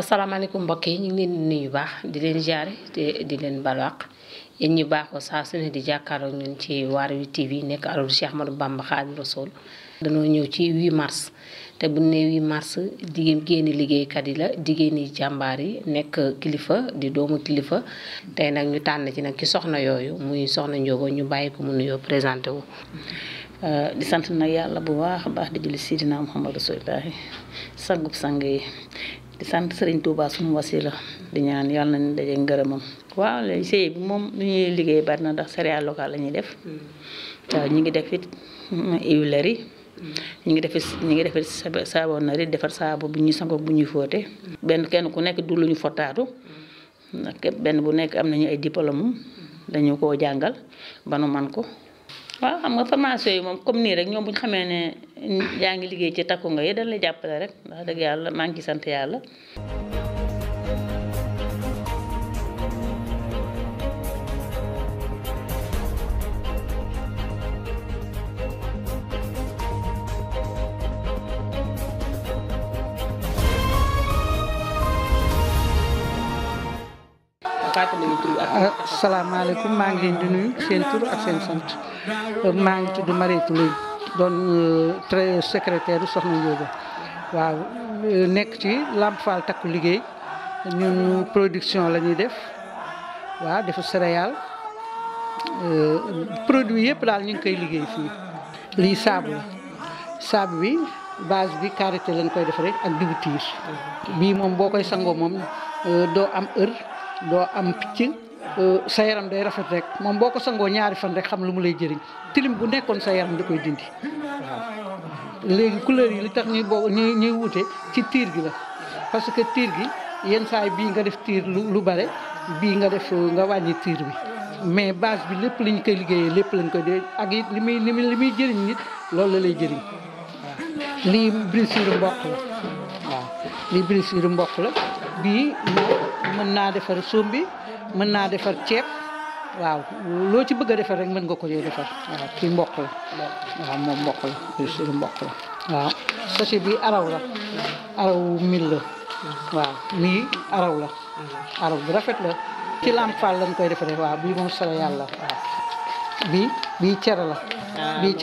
asalaamaaleykum mbokk yi ñu ngi leen di nuyu baax di leen jaare te di leen balwaq yéen ñu baaxoo saa su ne di jàkkaarloo ñun ci waar wi TV nekk alalu Cheikh Ahmadou Bamba Xaadimu Rasuul danoo ñëw ci 8 mars te bu ne mars jigéen génni liggéeykat yi la jigéen yi jàmbaar yi nekk kilifa di doomu kilifa tey nag ñu tànn ci nag ci soxna yooyu muy soxna Ndiogo ñu bàyyi ko mu nuyoo présenté wu euh, di sant nag yàlla bu baax a baax di julli Sidina Muhammad Rasulillaahi sangub sang yi di sant Serigne Touba sunu la di ñaan yàlla nañu daje ngërëmam waaw léegi sëy bi moom lu ñuy liggéey bari na ndax céréales locales la def hmm. waaw ñu ngi def it mm, huileries yi hmm. ñu ngi def ñu ngi def it savonnerie defar saabu bu ñuy sangoo bu ñuy fóote hmm. benn kenn ku nekk du lu ñu fottaatu benn bu nekk am nañu ay diplôme dañu koo jàngal ba nu man ko waaw xam nga formation yi moom comme nii rek ñoom bu ñu xamee ne yaa ngi liggéey ci takku nga yi dañ la jàppale rek ndax dëgg yàlla maa ngi ci sant yàlla. asalaamaaleykum euh, maa ngi leen di nuyu seen tur ak seen sant euh, maa ngi tudd Mariétou Leye doon euh, très secrétaire soxna Ndioba waaw nekk ci Lamp Fall liggéey production la ñuy def waaw dafa céréale produit yëpp daal ñu ngi koy liggéey fii lii saabu la saabu bi base bi karité lañ koy def rek ak dugub bii moom boo koy sangoo moom doo am heure doo am picc euh, sa yaram day rafet rek moom boo ko sangoo ñaari fan rek xam lu mu lay jëriñ tilim bu nekkoon sa yaram da koy dindi waaw léegi couleur yi tax ñuy boo ñuy ñuy wute ci tiir gi la parce que tiir gi yenn saay bii nga def tiir lu bare bii nga def euh, nga wàññi tiir bi mais base bi lépp lañ koy liggéeyee lépp lañ koy dee ak it li muy li muy li muy jëriñ nit loolu la lay jëriñ waaw lii brisure mboq la mboq la bii mën naa defar suum bi mën naa defar ceeb waaw loo ci bëgg a defar rek mën nga ko jël defar waaw kii mboq la waaw moom mboq la suñu mboq la bi araw la araw mil la waaw mii araw la araw bu rafet la ci lamp faal lañ koy defaree waaw bii moom sara yàlla waaw bii cere la bii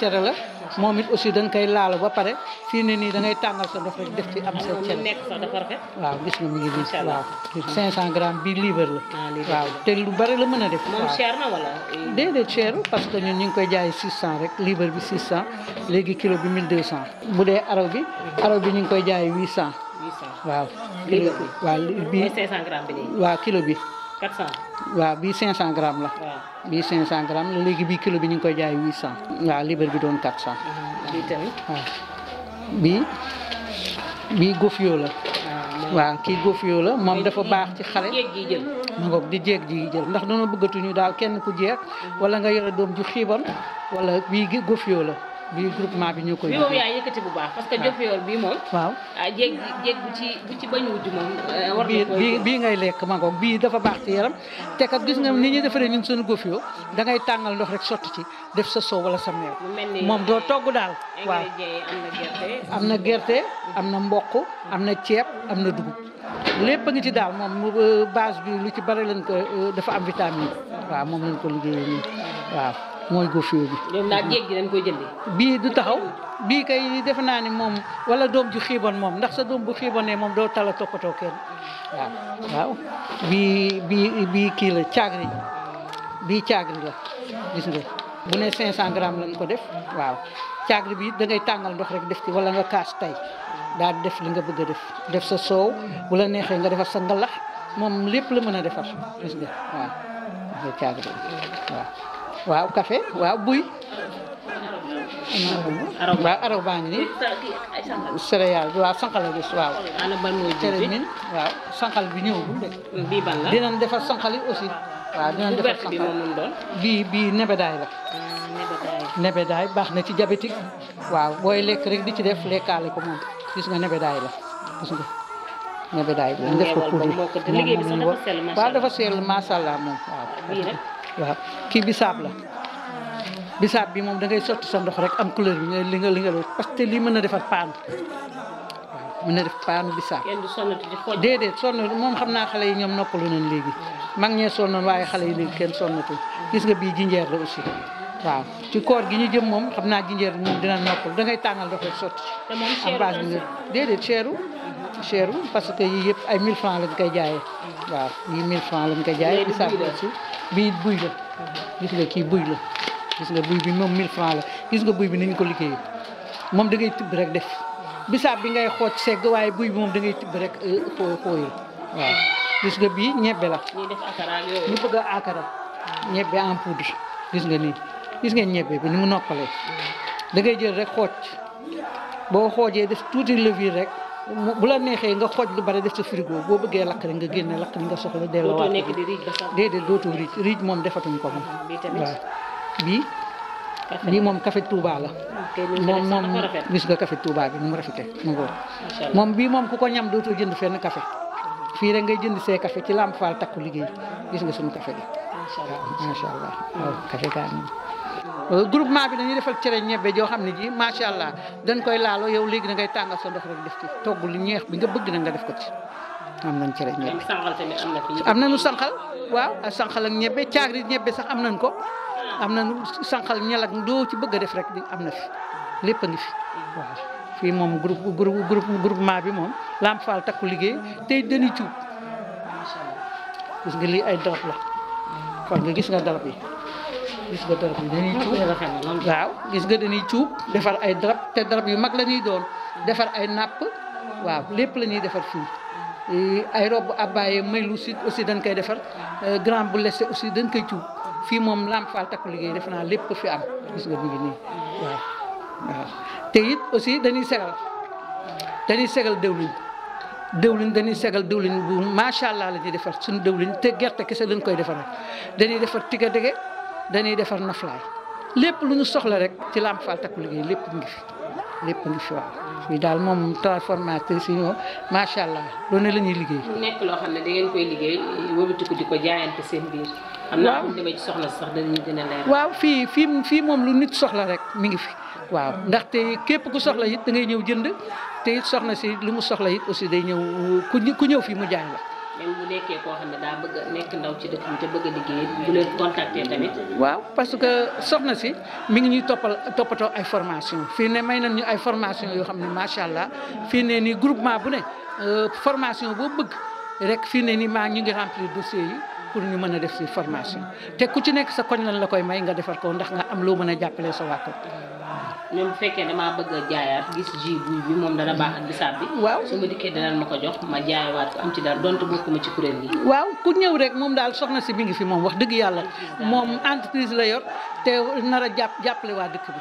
cere la moom it aussi da nga koy laal ba pare fii ne nii da ngay tàngal sa def rek def ci am sa cere waaw gis nga mu ngi nii waaw 500 grammes bi liibar la ah, waaw te lu bari la mën a def moom cher na parce que ñun ñu ngi koy jaay cent rek liibar bi 600 léegi kilo bi cent bu dee araw bi araw bi ñu ngi koy jaay 800 waaw kilo bi waaw bi waaw kilo bi 400. waaw bii 500 grammes la. waaw bii 500 grammes léegi bii kilo bi ñu ngi koy jaay 800. waaw libre bi doon 400. Ah, bii tamit. waaw bii bii la. Ah, waaw kii gofio la moom dafa baax ci xale. ma ngoog di jéeg ji jël ndax dana bëggatuñu daal kenn ku jeex. Mm-hmm. wala nga yore doom ju xiiban. wala bii gofio la. bi groupement bi ñu koy. bi moom yaa yëkkati bu baax. que Diofior bii moom. waaw ah, ci bu ci bañ wujj eh, bii ngay lekk ma bii dafa baax ci yaram te kat gis nga ni ñuy defaree ñun suñu gof yoo da ngay tàngal ndox rek sotti ci def sa soow wala sa meew. moom doo togg daal. waaw am na gerte am na mboq am na ceeb am na dugub. lépp a ngi ci daal moom euh, base bi lu ci bare leen ko euh, dafa am vitamine waaw moom lañ ko liggéeyee nii waaw. mooy gaufure bi. ñoom naag yéeg gi dañ koy jëndee. bii du taxaw bii kay defe naa ni moom wala doom ju xiiboon moom ndax sa doom bu xiiboonee moom doo tala toppatoo kenn waaw. waaw bii bii bii kii la caagri bii caagri la gis nga bu ne 500 grammes lañ ko def waaw caagri bi da ngay tàngal ndox rek def ci wala nga kaas tey daal def li nga bëgg a def def sa soow bu la neexee nga defal sa ngalax moom lépp la mën a defar gis nga waaw waaw kafe waaw buy waaw araw baa ngi nii céréale bi waaw sanqal a gis waaw cere min waaw sanqal bi ñëwul de dinañ defar sanqal yi aussi waaw dinañ defar sanqal bii bii nebedaay la ah, nebedaay baax na ci jabetik waaw booy lekk rek di ci def lekkaale ko moom gis nga nebedaay la gis nga nebedaay def ko poudre waaw dafa sell macha moom waaw kii bisaab la bisaab bi moom da ngay sotti sa ndox rek am couleur bi nga li nga li parce que lii mën na defar paan mën na def paanu bisaab. kenn du sonnati di xooj déedéet sonn moom xam naa xale yi ñoom noppalu nañ léegi. mag ñee sonnoon waaye xale yi léegi kenn sonnatul gis nga bii jinjeer la aussi. waaw ci koor gi ñu jëm moom xam naa jinjeer moom dina noppal da ngay tàngal ndox rek sotti. te moom cherul base bi nga déedéet cheru. cheru parce que yii yëpp ay 1000 francs lañ koy jaayee. waaw yii 1000 francs lañ koy jaayee bisaab aussi bii buy la gis nga kii buy la gis nga buy bi moom 1000 francs la gis nga buy bi ñu ko liggéeyee moom da ngay tibb rek def bisaab bi ngay xooj segg waaye buy bi moom da ngay tibb rek xooyee euh, gis nga bii ñebbe la ñu bëgg a akara ñebbe en poudre gis nga nii gis nga ñebbe bi ni mu noppalee mm. da ngay jël rek xooj xoojee def tuuti levure rek bu la neexee nga xooj lu bare def sa frigo boo bëggee lakk rek nga génne lakk li nga soxla delloo waat ko déedéet dootoo riij riij moom defatuñ ko moom ah, waaw bii lii moom café Touba la moom moom gis nga café Touba bi nu mu rafetee mu ngoor moom bii moom ku ko ñam dootoo jënd fenn café fii rek ngay jënd see café ci Lamp Fall takku liggéey gis nga suñu café bi waaw macha allah waaw café nii groupement bi dañuy defal cere ñebbe joo xam ne ji macha allah dañ koy laaloo yow léegi da ngay tàngal sa ndox rek def ci togg lu ñeex bi nga bëgg na nga def ko ci am nañ cere ñebbe. am na nañu sànqal waaw sànqal ak ñebbe caagri ñebbe sax am nañ ko am nañu sànqal ñel ak doo ci bëgg a def rek am na fi lépp a ngi fi waaw fii moom groupe groupe groupement bi moom Lamp Fall takku liggéey tey dañuy cuub gis nga lii ay darab la kon nga gis nga darab yi. gis nga darab yi dañuy cuub waaw gis nga dañuy cuub defar ay darab te darab yu mag la ñuy doon defar ay napp waaw lépp la ñuy defar fii eh, ay robb abbaye maylu sud aussi dañ koy defar eh, grand bu lesse aussi dañ koy cuub fii moom Lamp Fall takku liggéey def naa lépp fi am gis nga mu ngi nii waaw te it aussi dañuy segal dañuy segal dëwlin dëwlin dañuy segal dëwlin bu macha allah la ñuy defar suñu dëwlin te gerte kese lañ koy defar dañuy defar tiga dege dañuy defar naflaay lépp lu ñu soxla rek ci Lamp Fall Takku Liggéey lépp ngi fi lépp ngi fi waaw. fii daal moom transformatrice yi ñoo macha allah loolu la ñuy liggéey. mu loo xam ne da ngeen koy liggéey di ko jaayante seen biir. am na lu soxla sax dañuy gën waaw fii fii fii moom lu nit soxla rek mi ngi fi. waaw ndaxte képp ku soxla yit da ngay ñëw jënd te it soxna si li mu soxla it aussi day ñëw ku ñëw fii mu jaay la. même bu nekkee koo xam ne daa bëgg nekk ndaw ci dëkk bi te bëgg liggéey bu leen contacter tamit. waaw parce que soxna si mi ngi ñuy toppal toppatoo ay formation fii ne may nañ ñu ay formation yoo xam ne macha allah fii ne nii groupement bu ne euh, formation boo bëgg rek fii ne nii maa ñu ngi remplir dossier yi pour ñu mën a def si formation te ku ci nekk sa koñ lañ la koy may nga defar ko ndax nga am loo mën a jàppale sa waa même bu fekkee damaa bëgg a jaayaat gis jii buy bi moom dana baax ak bisaab bi. waaw su ma dikkee danañ ma ko jox ma jaayawaat ko am ci dara donte bokk ma ci kuréel gi. waaw ku ñëw rek moom daal soxna si mi ngi fi moom wax dëgg yàlla moom entreprise la yor te nar a jàpp jàppale waa dëkk bi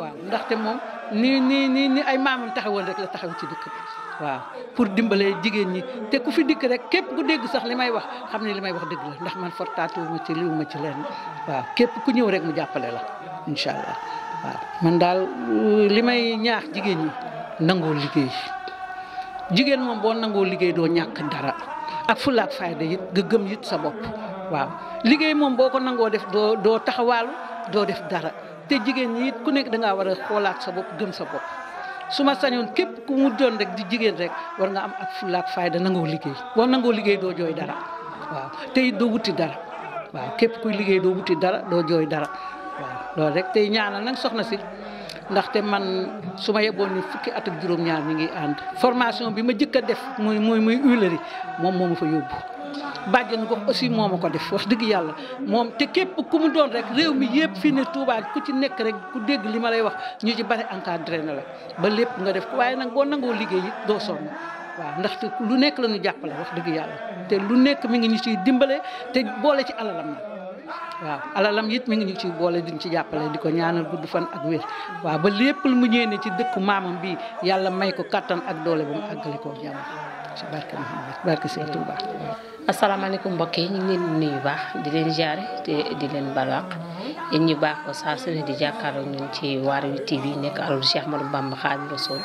waaw ndaxte moom ni ni ni ni ay maamam taxawoon rek la taxaw ci dikk bi waaw pour dimbalee jigéen ñi te ku fi dikk rek képp ku dégg sax li may wax xam ne li may wax dëgg la ndax man fortaatu wu ma ci liwu ma ci leen waaw képp ku ñëw rek mu jàppale la incha allah. waaw man daal li may ñaax jigéen ñi nangoo liggéey jigéen moom boo nangoo liggéey doo ñàkk dara ak fulla ak fayda it gëm it sa bopp waaw liggéey moom boo ko nangoo def doo doo taxawaalu doo def dara te jigéen ñi it ku nekk danga war a xoolaat sa bopp gëm sa bopp su ma sañoon képp ku mu doon rek di jigéen rek war nga am ak fulla ak fayda nangoo liggéey boo nangoo liggéey doo jooy dara waaw te it doo wuti dara waaw képp kuy liggéey doo wuti dara doo jooy dara loolu rek tey ñaanal nag soxna si ndaxte man su ma yeboon ni fukki at ak juróom-ñaar mi ngi ànd formation bi ma jëkk a def muy muy muy huilerie moom moo ma fa yóbbu. ni gox aussi moo ma ko def wax dëgg yàlla moom te képp ku mu doon rek réew mi yëpp fii ne tuubaat ku ci nekk rek ku dégg li ma lay wax ñu ci bari encadré na la ba lépp nga def ko waaye nag boo nangoo liggéey it doo sonn. waaw ndaxte lu nekk la ñu jàppale wax dëgg yàlla te lu nekk mi ngi ñu ciy dimbale te boole ci alalam waaw alalam it mi ngi ñu ci boole diñ ci jàppale di ko ñaanal gudd fan ak wér waaw ba lépp lu mu ñëwee ci dëkku maamam bi yàlla may ko kattan ak doole bu mu àggale ko jàmm ci barke Muhammad barke mbokk yi ñu ngi leen nuyu baax di leen jaare te di leen balaax yéen ñu baax ko saa ne di jàkkaarloo ñun ci Waarwi TV nekk alul Cheikh Ahmadou Bamba Xaadimu Rasuul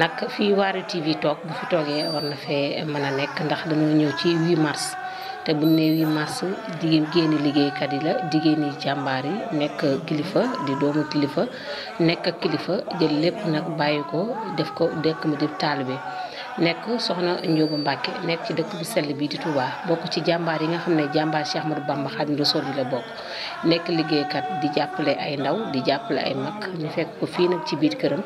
nag fii Waarwi TV toog bu fi toogee war na fee mën a nekk ndax dañoo ñëw ci 8 mars te bu ne 8 mars jigéen liggéeykat yi la jigéen ñi jàmbaar yi nekk kilifa di doomu kilifa nekk ak kilifa jël lépp nag bàyyi ko def ko dekk mu def taalibe nekk soxna Ndiobo Mbacke nekk ci dëkk bu sell bii di Touba bokk ci jàmbaar yi nga xam ne jàmbaar Cheikh Ahmadou Bamba Xaadimu Rasuul la bokk nekk liggéeykat di jàppale ay ndaw di jàppale ay mag ñu fekk ko fii nag ci biir këram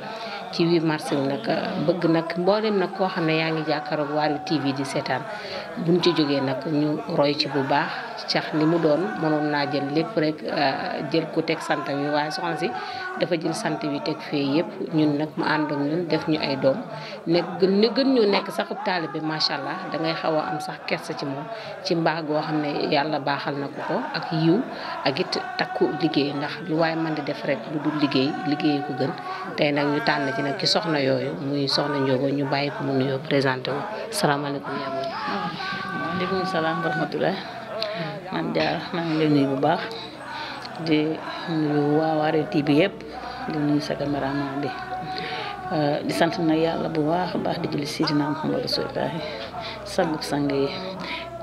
ci 8 mars bi nag bëgg nag mboolem nag koo xam ne yaa ngi jàkkaroog Waarwi TV di seetaan buñ ci jógee nag ñu roy ci bu baax cax li mu doon mënoon naa jël lépp rek euh, jël ku teg santa wi waaye soxna si dafa jël sant wi teg fii yëpp ñun nag mu ànd ak ñun def ñu ay doom nekk ñu nekk sax taalibe macha allah dangay xaw am sax kersa ci moom ci mbaax goo xam ne yàlla baaxal na ko ko ak yiw ak it takku liggéey ndax lu waaye mën di def rek lu dul liggéey liggéey ko gën tey nag ñu tànn léegi ci soxna yooyu muy soxna Ndiogo ñu bàyyi ko mu nuyoo présenté wu salaamaaleykum yaa ngi ah, waaleykum salaam wa rahmatulah. man Diarra maa ngi lay nuyu bu baax di nuyu waa Waarwi TV yëpp di bi euh, di sant nag yàlla bu baax a baax di julli Sidina Muhammad Rasulullah sangu sang yi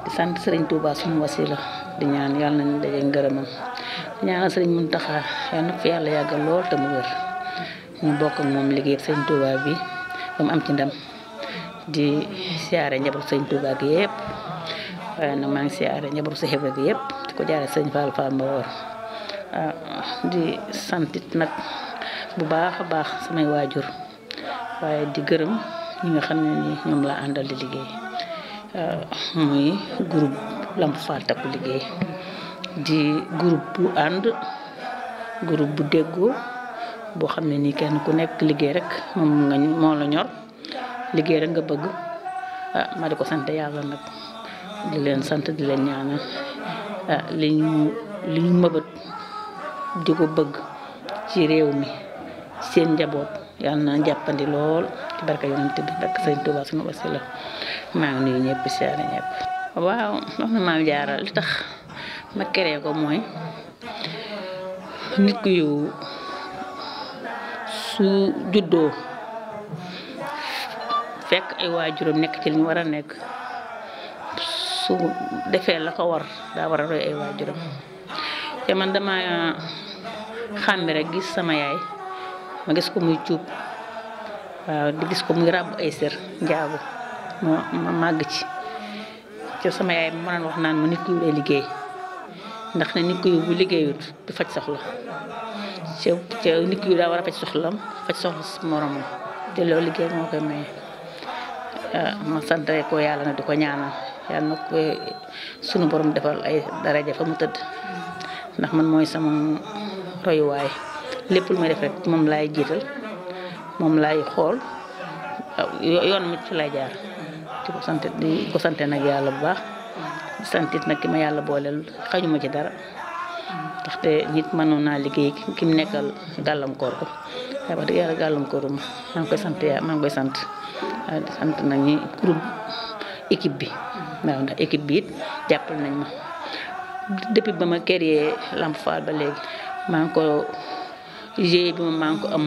di sant Serigne Touba sunu wasila di ñaan yàlla nañu daje ngërëmam di ñaanal Serigne Mountakha yàlla na fi yàlla yàggal lool te mu wér. ñu bokk moom liggéey sëñ Touba bi ba am ci ndam di siyaare njaboot sëñ Touba gi yëpp waaye nag maa ngi siyaare njaboot si xew gi yëpp di ko jaare sëñ Fall Fall ma ah, di santit nag bu baax a baax samay waajur waaye di gërëm ñi nga xam ne ni ñoom laa àndal di liggéey ah, muy groupe Lamp Fall Takku Liggéey di groupe bu ànd groupe bu déggoo boo xam ne nii kenn ku nekk liggéey rek moom nga moo la ñor liggéey rek nga bëgg ah ma di ko sant yàlla nag di leen sant di leen ñaanal ah li ñu li ñu mëbët di ko bëgg ci réew mi seen njaboot yàlla na jàppandi lool ci barka yonent bi ak sëñ Tuubaa suñu wasila maa ngi nuyu ñëpp siyaare ñëpp waaw wax maam Jaara tax ma créé ko mooy nit ku yiw su juddoo fekk ay waajuram nekk ci li ñu war a nekk su defee la ko war daa war a roy ay waajuram te man dama xàmmi rek gis sama yaay ma gis ko muy cuub waaw di gis ko muy ràbb ay sër njaabu ma màgg ci ci sama yaay ma mënoon wax naan ma nit ku lay liggéey ndax ne nit ku bu liggéeyut du faj soxla ci ci nit ki daa war a faj soxlam faj soxla te loolu liggéey moo koy maye ah, ma sant ko yàlla na di ko ñaanal yàlla na ko sunu borom defal ay daraja fa mu tëdd ndax man mooy sama royuwaay lépp lu may def rek moom laay jiital moom laay xool ah, yoon mi ci lay jaar di ko sant di ko sante nag yàlla bu baax santit nag ki ma yàlla booleel xañuma ci dara ndaxte nit mënoon naa liggéey ki mu nekkal gàllankoor ko waaye wax dëgg yàlla gàllankoor ma maa ngi koy sant yaa maa ngi koy sant sant nañ ñi groupe bi waaw ndax bi it jàppal nañ ma depuis ba ma créé Lamp Fall ba léegi maa ngi ko GIE bi ma maa ngi ko am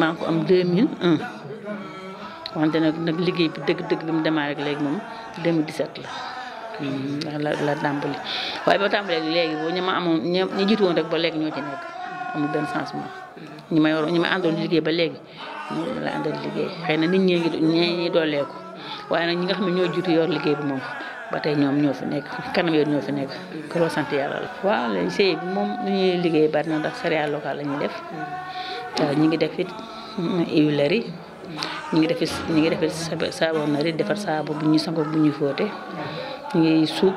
maa ngi ko am 2001 wante nag nag liggéey bi dëgg-dëgg bi mu démarré rek léegi moom 2017 la Mm-hmm. la la tàmbali waaye ba tàmbalee léegi boo ñu ma amoon ñi jiitu woon rek ba léegi ñoo ci nekk amul benn changement ñi may waroon ñi may liggéey ba léegi ñoom xëy na nit ñi ñee ñi dooleeku waaye nag ñi nga xam ne ñoo jiitu yor liggéey bi moom ba tey ñoom ñoo fi nekk kanam yoon ñoo fi nekk koo sant yàlla la waaw léegi sëy bi moom lu ñuy liggéey bari na ndax céréales locales la ñuy def mm-hmm. waaw ñi ngi def it mm, huileries ñi ngi def it ñi ngi def it savonnerie defar saabu bu ñuy sangoo bu ñuy fóote ñu ngi suub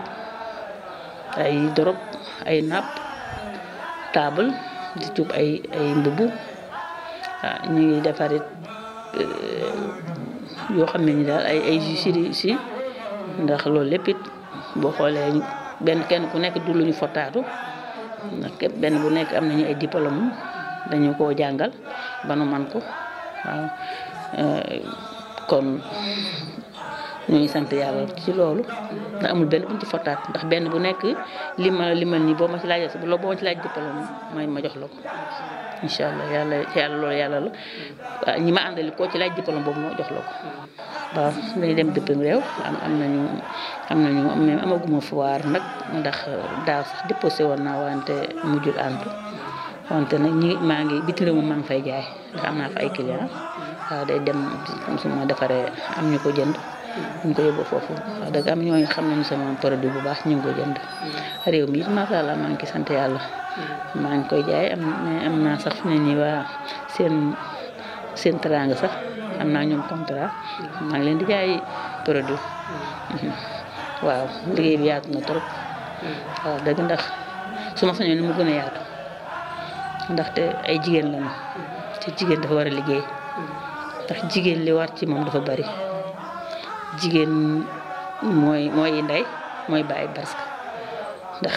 ay dorop ay napp taabal di tuub ay ay mbubu waaw ñu ngi defarit eh, yoo xam ne ni daal ay ay siri si ndax loolu lépp boo xoolee benn kenn ku nekk du lu ñu fottaatu benn bu nekk am nañu ay diplôme dañu koo jàngal ba nu man ko waaw eh, kon ñu ngi sant yàlla ci loolu ndax amul benn buñ ci fottaat ndax benn bu nekk li ma la limal nii boo ma ci laajee sa boo ma ci laaj dëppaloon may ma jox la ko incha allah yàlla yàlla loolu yàlla la ñi ma àndali koo ci laaj diplôme boobu moo jox la ko waaw dañuy dem dëppam réew am am nañu am nañu am amaguma foire nag ndax daaw sax déposé woon naa wante mujjul àntu wante nag ñi maa ngi biti réew mi maa ngi fay jaay ndax am naa fa ay client waaw day dem su ma defaree am ñu ko jënd bu ñu ko yóbboo foofu wax dëgg am ñooñu xam nañu sama produit bu baax ñu ngi ko jënd réew mi it macha allah maa sant yàlla. maa ngi koy jaay am am naa sax fi nii waa seen seen teraanga sax am naa ñoom contrat maa ngi leen di jaay waaw liggéey bi yaatu dëgg ndax su ma sañoon ni mu gën a yaatu ndaxte ay jigéen lañu ci jigéen dafa war a liggéey ndax jigéen li war ci moom dafa bari. jigéen mooy mooy ndey mooy bàyyi parce que ndax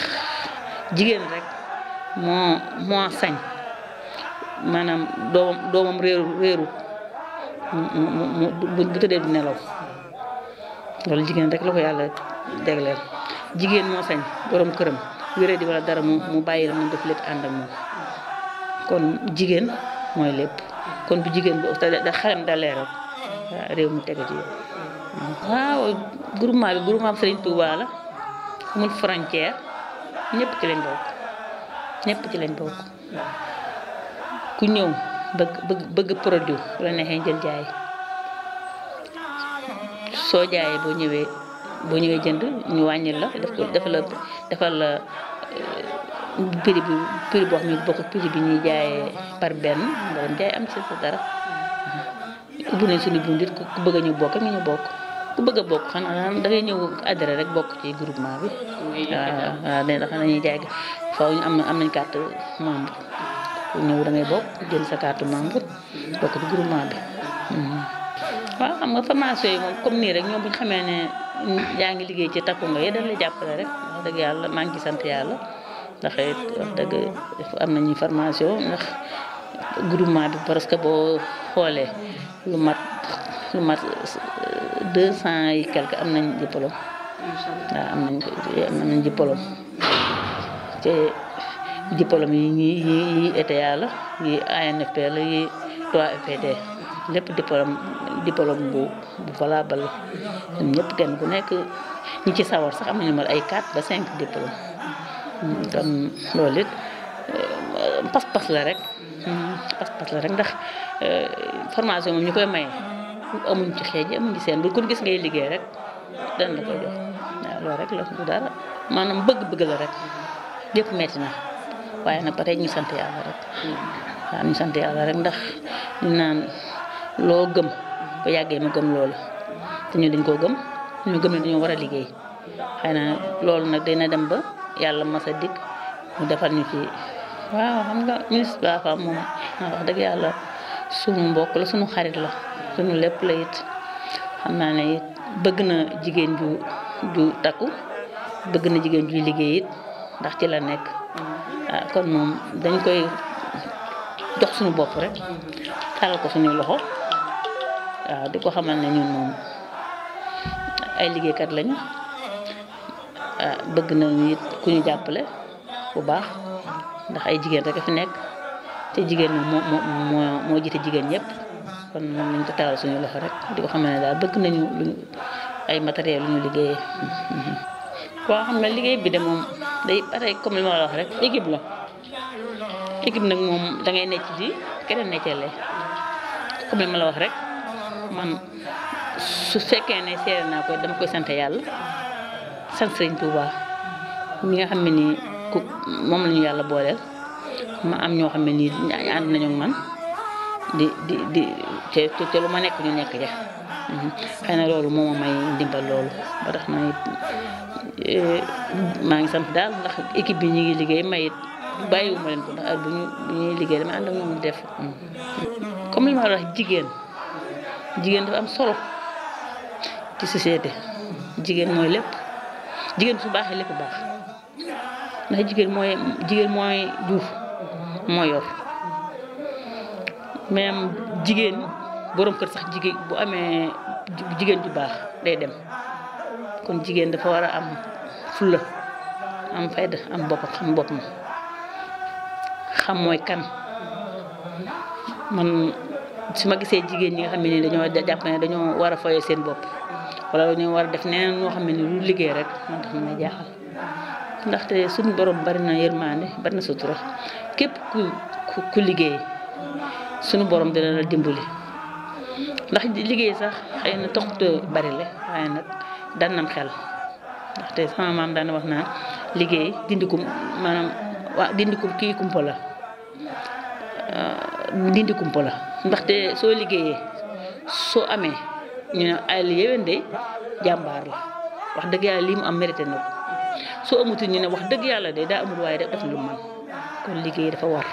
jigéen rek moo moo sañ maanaam doomam doomam réeru réeru mu bu bu tëddee du nelaw loolu jigéen rek la ko yàlla dégleel jigéen moo sañ borom këram wéré di wala dara mu mu bàyyi la mu def lépp ànd moom kon jigéen mooy lépp kon bu jigéen bu da xalam da leeral réew mu tege ci waaw groupement bi groupement Serigne Touba la amul frontière ñépp ci lañ bokk ñëpp ci lañ bokk ku ñëw bëgg bëgg bëgg produit bu neexee jël jaay soo jaayee boo ñëwee boo ñëwee jënd ñu wàññil la def ko defal la defal la euh, prix bi prix boo xam ne bokk prix bi ñuy jaayee par benn nga dem am ci sa dara ubbi nañ suñu buntu ku bëgg ñu bokk ak ñu bokk. ku bëgg a bokk xanaa da ngay ñëw adhéré rek bokk ci groupement bi. waaw nee na xanaa ñuy jaay faaw ñu am am nañ carte membre ku ñëw bokk jël sa carte membre bokk ci groupement bi. Mhm. waaw xam nga formation yi moom comme nii rek ñoom bu ñu xamee ne yaa ngi liggéey ci takku nga yéen dañ lay jàppale rek dëgg yàlla maa ngi sant yàlla ndax it wax dëgg am nañu formation ndax groupement bi parce que boo xoolee lu mat. lu mat euh, deux cent yi quelque am nañ diplôme waaw am nañ am nañ te diplôme yi ñi yi ETA la yi ANFP la yi 3FPT lépp diplôme diplôme bu bu la ñoom ñëpp kenn ku nekk ñi ci sawar sax am nañu mal ay 4 ba cinq diplôme kon loolu it euh, pas-pas la rek hmm, pas-pas la rek ndax euh, formation moom ñu koy maye amuñ ci xeej amuñ ci seen bu kon gis ngay liggéey rek dana koy jox waaw loolu rek la du maanaam bëgg-bëgg la rek lépp metti na waaye nag ba sant yàlla rek waaw ñu sant yàlla rek ndax naan loo gëm ba yàggee ma gëm loola te dañ koo gëm ñu gëm ne dañoo war a liggéey xëy na loolu nag dina dem ba yàlla mas a dikk mu defal ñu ci waaw xam nga ministre de moom wax dëgg yàlla sunu mbokk la sunu xarit la suñu lépp la it xam naa ne it bëgg na jigéen ju ju takku bëgg na jigéen juy liggéey it ndax ci la nekk mm-hmm. ah, kon moom dañ koy jox sunu bopp rek taral ko suñuy loxo waaw di ko xamal ne ñun moom ay liggéeykat lañu ah, bëgg nañu it ku ñu jàppale bu baax ndax ay jigéen rek a fi nekk te jigéen ñi moo moo moo jiite jigéen ñëpp. kon moom nañ ko taaral suñu loxo rek di ko ne nga liggéey bi de moom day moom da nekk di keneen nekkale comme ma su fekkee ne seere naa koy dama koy sant yàlla sant sëñ xam ne ku moom la yàlla booleel ma am ñoo xam nii ànd nañu man di di di te te lu ma nekk ñu nekk ja mhm. xëy na loolu moo ma may ndimbal loolu ba tax ma eh, maa ngi sant daal ndax équipe bi ñu ngi liggéey mayit bàyyiwu ma leen ko ndax bu ñu bu ñuy liggéey dama ànd ak ñoom def mhm. comme li ma wax jigéen jigéen dafa am solo ci société jigéen mooy lépp jigéen su baaxee lépp baax ndax jigéen mooy jigéen mooy jur moo yor même jigéen borom kër sax jigéen bu amee jigéen ju baax day dem kon jigéen dafa war a am fulla am fayda am boppam xam boppam xam mooy kan man su ma gisee jigéen ñi nga xam ne nii dañoo jàpp dañoo war a foyee seen bopp wala dañoo war a def neneen ñoo xam ne nii lu liggéey rek moo tax ma jaaxal ndaxte suñu borom bari na yërmaande bari sutura képp ku ku liggéey suñu borom dina la dimbali ndax liggéey sax xëy na toxte bari la waaye nag daan xel ndaxte sama maam daan wax naan liggéey dindikum maanaam waa dindikum kii kumpa la dindi kumpa ndaxte soo liggéeyee soo amee ñu ne ay li yéwén de jàmbaar la wax dëgg yàlla lii mu am mérité na soo amutul ñu ne wax dëgg yàlla de daa amul waaye def na lu man kon liggéey dafa war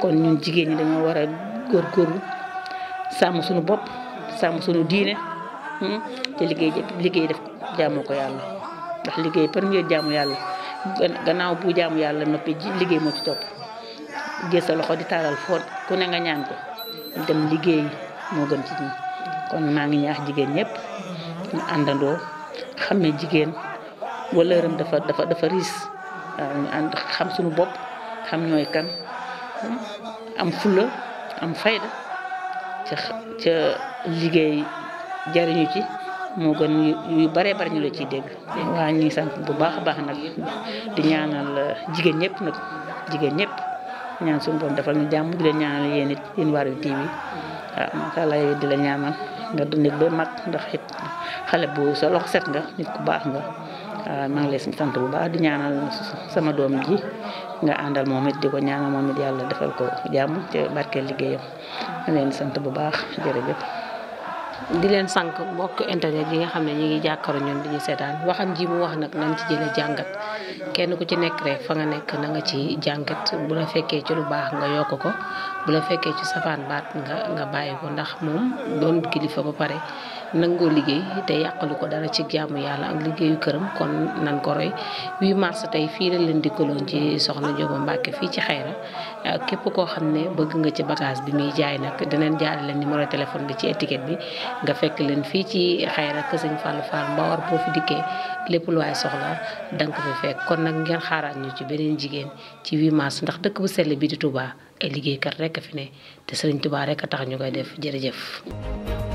kon ñun jigéen ñi dañoo war a góorgóorlu sàmm suñu bopp sàmm suñu diine hmm, te liggéey liggéey jaamoo ko yàlla ndax liggéey première jaamu yàlla gannaaw bu jaamu yàlla noppi liggéey moo ci topp di taalal foo ku ne nga ñaan liggéey moo gën ci ñi kon maa ngi ñaax jigéen ñëpp ñu àndandoo xam ne jigéen wala rëm dafa dafa dafa riis waaw ñu ànd xam suñu bopp xam ñooy kan am fulla am fayda ca ca liggéey jariñu ci moo gën yu baree bari ñu la ciy dégg waa ñuy sant bu baax a baax nag di ñaanal euh, jigéen ñëpp nag jigéen ñëpp ñaan suñu borom defal ñu jàmm di la ñaanal yéen it yéen Waarwi di la ñaanal nga dund ba mag ndax xale bu sa loxo set nga nit ku baax nga waaw maa ngi lay sant bu baax di ñaanal sama doom ji nga àndal moom it di ko ñaanal moom it yàlla defal ko jàmm te barkeel liggéeyam ma leen sant bu baax jërëjëf. di leen sànq mbokk internet yi nga xam ne ñi ngi jàkkaaroo ñun di ñu seetaan waxam ji mu wax nag nañ ci jëlee jàngat kenn ku ci nekk rek fa nga nekk na nga ci jàngat bu la fekkee ci lu baax nga yokk ko bu la fekkee ci safaan baat nga nga bàyyi ko ndax moom doon kilifa ba pare. nangoo liggéey te yàqalu ko dara ci jaamu yàlla ak liggéeyu këram kon nan ko roy 8 mars tey fii la leen dikkaloon ci soxna Jóoba Mbàkke fii ci xayra euh, képp koo xam ne bëgg nga ci bagage bi muy jaay nag dinañ jaarale numéro téléphone bi ci étiquette bi nga fekk leen fii ci xayra kër Sëñ Fallou Fall Mbawar boo fi dikkee lépp lu waay soxla danga ko fi fekk kon nag ngeen xaaraat ñu ci beneen jigéen ci 8 mars ndax dëkk bu sell bi di tubaa ay liggéeykat rekk fi ne te Sëriñ tubaa rekk a tax ñu koy def jërëjëf